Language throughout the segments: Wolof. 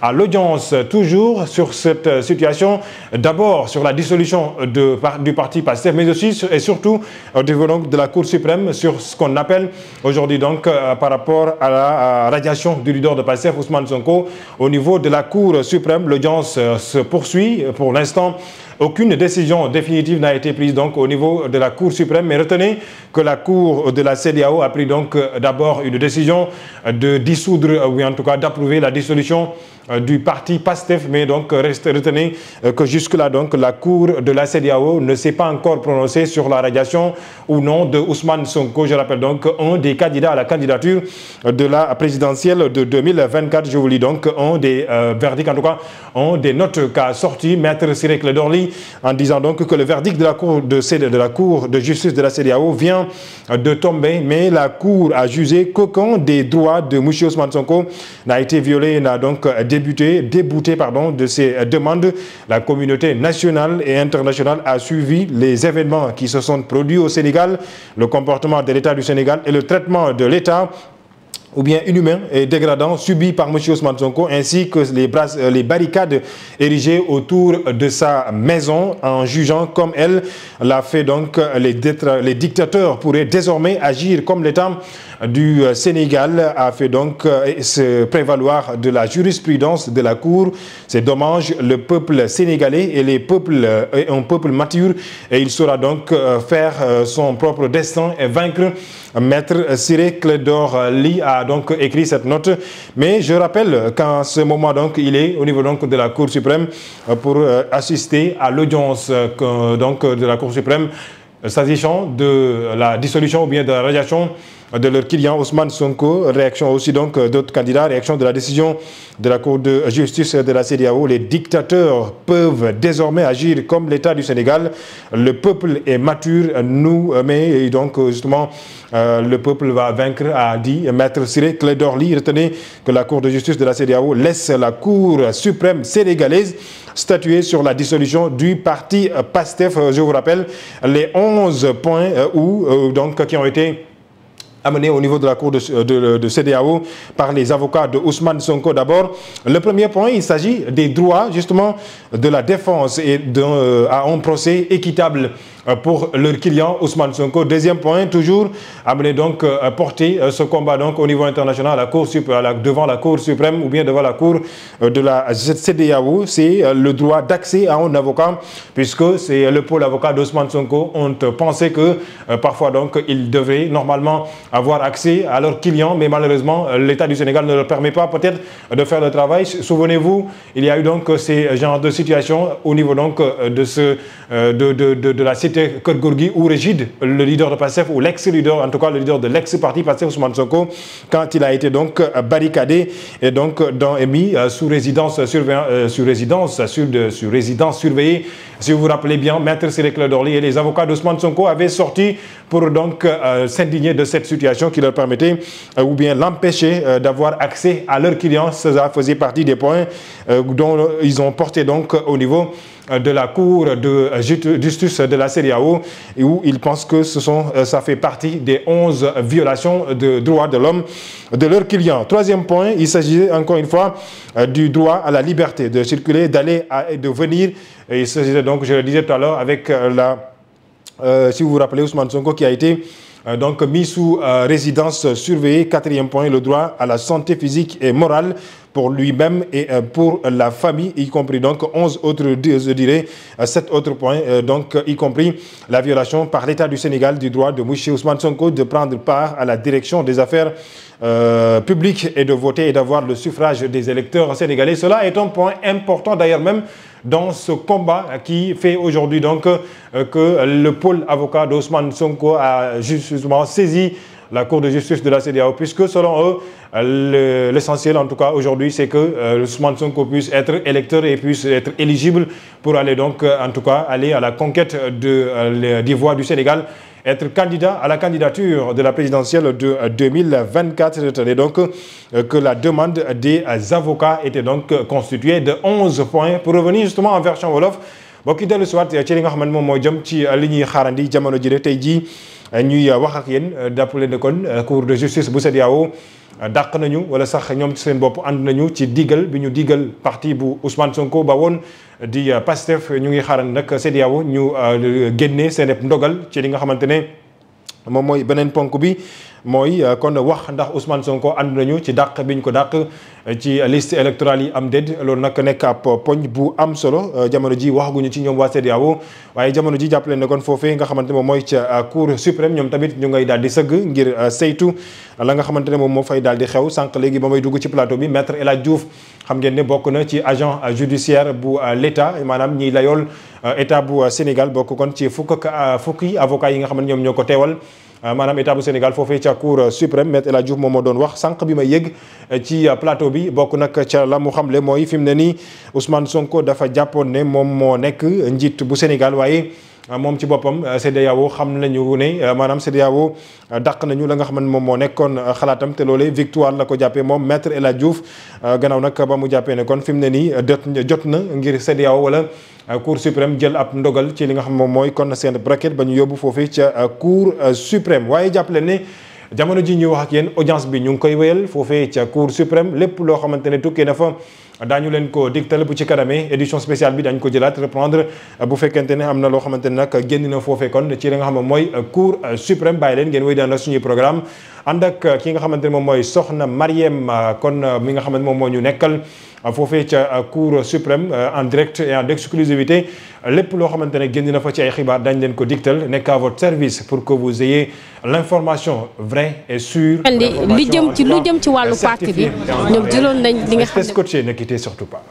à l'audience, toujours sur cette euh, situation, d'abord sur la dissolution de, du parti PASTEF, mais aussi et surtout au développement de la Cour suprême sur ce qu'on appelle aujourd'hui donc euh, par rapport à la radiation du leader de PASTEF, Ousmane Sonko, au niveau de la Cour suprême. L'audience euh, se poursuit pour l'instant Aucune décision définitive n'a été prise donc au niveau de a pris donc d'abord décision de dissoudre, euh, ou en tout cas d'approuver la dissolution euh, du parti PASTEF, mais euh, que jusque-là, donc la Cour de la CEDEAO ne s'est pas encore prononcée sur la radiation ou non de Ousmane Sonko. Je rappelle donc un des candidats à la candidature de la présidentielle de donc un des euh, verdicts, en tout Mali, en disant donc que le verdict de la Cour de, de la cour de justice de la CDAO vient de tomber, mais la Cour a jugé qu'aucun des droits de Mouchi Ousmane Sonko n'a été violé et n'a donc débuté, débouté pardon, de ses demandes. La communauté nationale et internationale a suivi les événements qui se sont produits au Sénégal, le comportement de l'État du Sénégal et le traitement de l'État ou bien inhumain et dégradant subi par M. Ousmane Sonko ainsi que euh, les, barricades érigées autour de sa maison en jugeant comme elle l'a fait donc euh, les, les dictateurs pourraient désormais agir comme l'État du euh, Sénégal a fait donc se prévaloir de la jurisprudence de la Cour. C'est dommage, le peuple sénégalais et les peuples est un peuple mature et il saura donc faire son propre destin et vaincre. Maître Siré Clédor Ly donc écrit cette note. Mais je rappelle qu'en ce moment, donc, il est au niveau donc, de la Cour suprême euh, pour euh, assister à l'audience euh, donc de la Cour suprême s'agissant de la dissolution ou bien de la radiation de leur client Ousmane Sonko. Réaction aussi donc euh, d'autres candidats, réaction de la décision de la Cour de justice de la CEDEAO. Les dictateurs peuvent désormais agir comme l'État du Sénégal. Le peuple est mature, nous, euh, mais donc euh, justement le peuple va vaincre, a dit Maître Siré Clédorli. Retenez que la Cour de justice de la CEDEAO laisse la Cour suprême sénégalaise statuer sur la dissolution du parti PASTEF. Je vous rappelle les 11 points où, donc, qui ont été amené au niveau de la cour de, euh, de, euh, de CDAO par les avocats de Ousmane Sonko d'abord. Le premier point, il s'agit des droits justement de la défense et de, euh, à un procès équitable. Euh, pour leurs clients. Ousmane Sonko, deuxième point, toujours amené donc euh, porter euh, ce combat au niveau international devant la Cour suprême ou bien devant la Cour de la CDAO, c'est le droit d'accès à un avocat puisque c'est le pôle avocat d'Ousmane Sonko. On pensait que parfois ils devraient normalement avoir accès à leurs clients mais malheureusement l'État du Sénégal ne leur permet pas peut-être de faire le travail. Souvenez-vous, il y a eu donc ces genres de situations au niveau était Kër Gorgui ou Régide, le leader de PASTEF ou l'ex-leader, en tout cas le leader de l'ex-parti PASTEF Ousmane Sonko, quand il a été donc euh, barricadé et donc euh, dans, et mis euh, sous résidence, euh, sur résidence, sur, de, surveillée. Si vous vous rappelez bien, Maître Ciré Clédor Ly et les avocats d'Ousmane Sonko avaient sorti pour donc euh, s'indigner de cette situation qui leur permettait ou bien l'empêcher d'avoir accès à leurs clients. Cela faisait des points dont ils ont porté donc au niveau de la Cour de euh, justice de la CEDEAO et où il pense que ce sont, euh, ça fait partie des 11 violations de droits de l'homme de leurs clients. Troisième point, il s'agissait encore une fois euh, du droit à la liberté de circuler, d'aller et de venir. Et il s'agissait donc, je le disais tout à l'heure, avec la, euh, si vous rappelez, Ousmane Sonko qui a été donc mis sous résidence surveillée. Quatrième point, le droit à la santé physique et morale. pour lui-même et euh, pour la famille, y compris donc 11 autres, je dirais, 7 euh, autres points, euh, donc y compris la violation par l'État du Sénégal du droit de Mouché Ousmane Sonko de prendre part à la direction des affaires euh, publiques et de voter et d'avoir le suffrage des électeurs sénégalais. Cela est un point important d'ailleurs même dans ce combat qui fait aujourd'hui donc euh, que le pôle avocat d'Ousmane Sonko a justement saisi la Cour de justice de la CEDEAO, puisque tout cas aujourd'hui, c'est que euh, Ousmane Sonko puisse être électeur et puisse être éligible euh, en tout cas aller à la de, euh, Sénégal être candidat à la candidature la présidentielle de 2024. Retenez donc que la demande des avocats était donc constituée de 11 points. Pour revenir justement en version Wolof, bokki dellu li nga xamante moom mooy jëm ci li ñuy xaarandi jamono ji tey jii Euh, ñuy euh, wax ak yéen dàppale euh, ne kon cour de justice bu CEDEAO dàq nañu wala sax ñoom ci seen bopp ànd nañu ci diggal bi ñu digal parti bu Ousmane Sonko ba woon di Pastef ñu ngi xaaral nag CEDEAO ñu génnee seen ndogal ci li nga xamante ne moom mooy beneen ponk bi mooy euh, kon wax ndax Ousmane Sonko ànd nañu ci dàq bi ñu ko dàq euh, ci liste électorale yi am déet loolu nag nekk ab poñ bu am solo euh, jamono ji waxaguñu ci ñoom waa CEDEAO waaye jamono ji jàppale ne kon foofee nga xamante ne moom mooy ca cour suprême ñoom tamit ñu ngay daal di sëgg ngir saytu la nga xamante ne moom moo fay daal di xew sànq léegi ba may dugg ci plateau bi maître El Hadj Diouf xam ngeen ne bokk na ci agent judiciaire bu l'État maanaam ñiy layool état bu Sénégal bokk kon ci fukk fukki avocats yi nga xam ne ñoom ñoo ko teewal Euh, maanaam état bu Sénégal foofee ca cour suprême maître El Hadji Diouf moom moo doon wax sànq bi ma yëg euh, ci euh, plateau bi bokk nag ca la mu xamle mooy fi mu ne nii Ousmane Sonko dafa jàppoon ne moom moo nekk njiit bu Sénégal waaye Euh, moom ci boppam euh, CEDEAO xam nañu ne euh, maanaam CEDEAO dàq nañu la nga xam ne moom moo nekkoon xalaatam te loolee victoire la ko jàppee moom maître El Hadj Diouf gannaaw nag ba mu jàppee ne kon fi mu ne nii jot na ngir CEDEAO wala cour suprême jël ab ndogal ci li nga xam moom mooy kon seen braquet ba ñu yóbbu foofee ca cour suprême waaye jàppale ne. jamono ji ñuy wax ak yéen audience bi ñu ngi koy wéyal foofee ca cour suprême lépp loo xamante ne tukkee na fa daañu leen ko tale bu ci kanamee édition spéciale bi dañ ko jëlaat reprendre bu fekkente ne am na loo xamante ne nag génn na foofee kon ci li nga xam ne mooy cour suprême bàyyi leen ngeen wéy daan la suñuy programme ànd ak ki nga xamante ne moom mooy soxna Mariem kon mi nga xamante moom moo ñu nekkal Euh, foofee ca euh, cour suprême euh, en direct et en exclusivité lépp loo xamante ne génn na fa ci ay xibaar dañ leen ko diktal nekk à votre service pour que vous ayez l'information vraie et sûre. li jëm ci lu jëm ci wàllu parti bi ñoom jëloon nañ li nga xam ne scotché ne quittez surtout pas.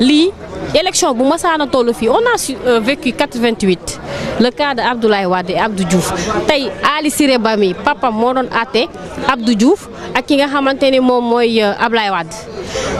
lii élection bu masaana toll fii on a euh, vécu 88 le cas de Abdoulaye Wade et Abdou tey Ali Siré Ba mi papam moo doon àtte Abdou Diouf ak ki nga xamante ni moom mooy euh, Abdoulaye Wade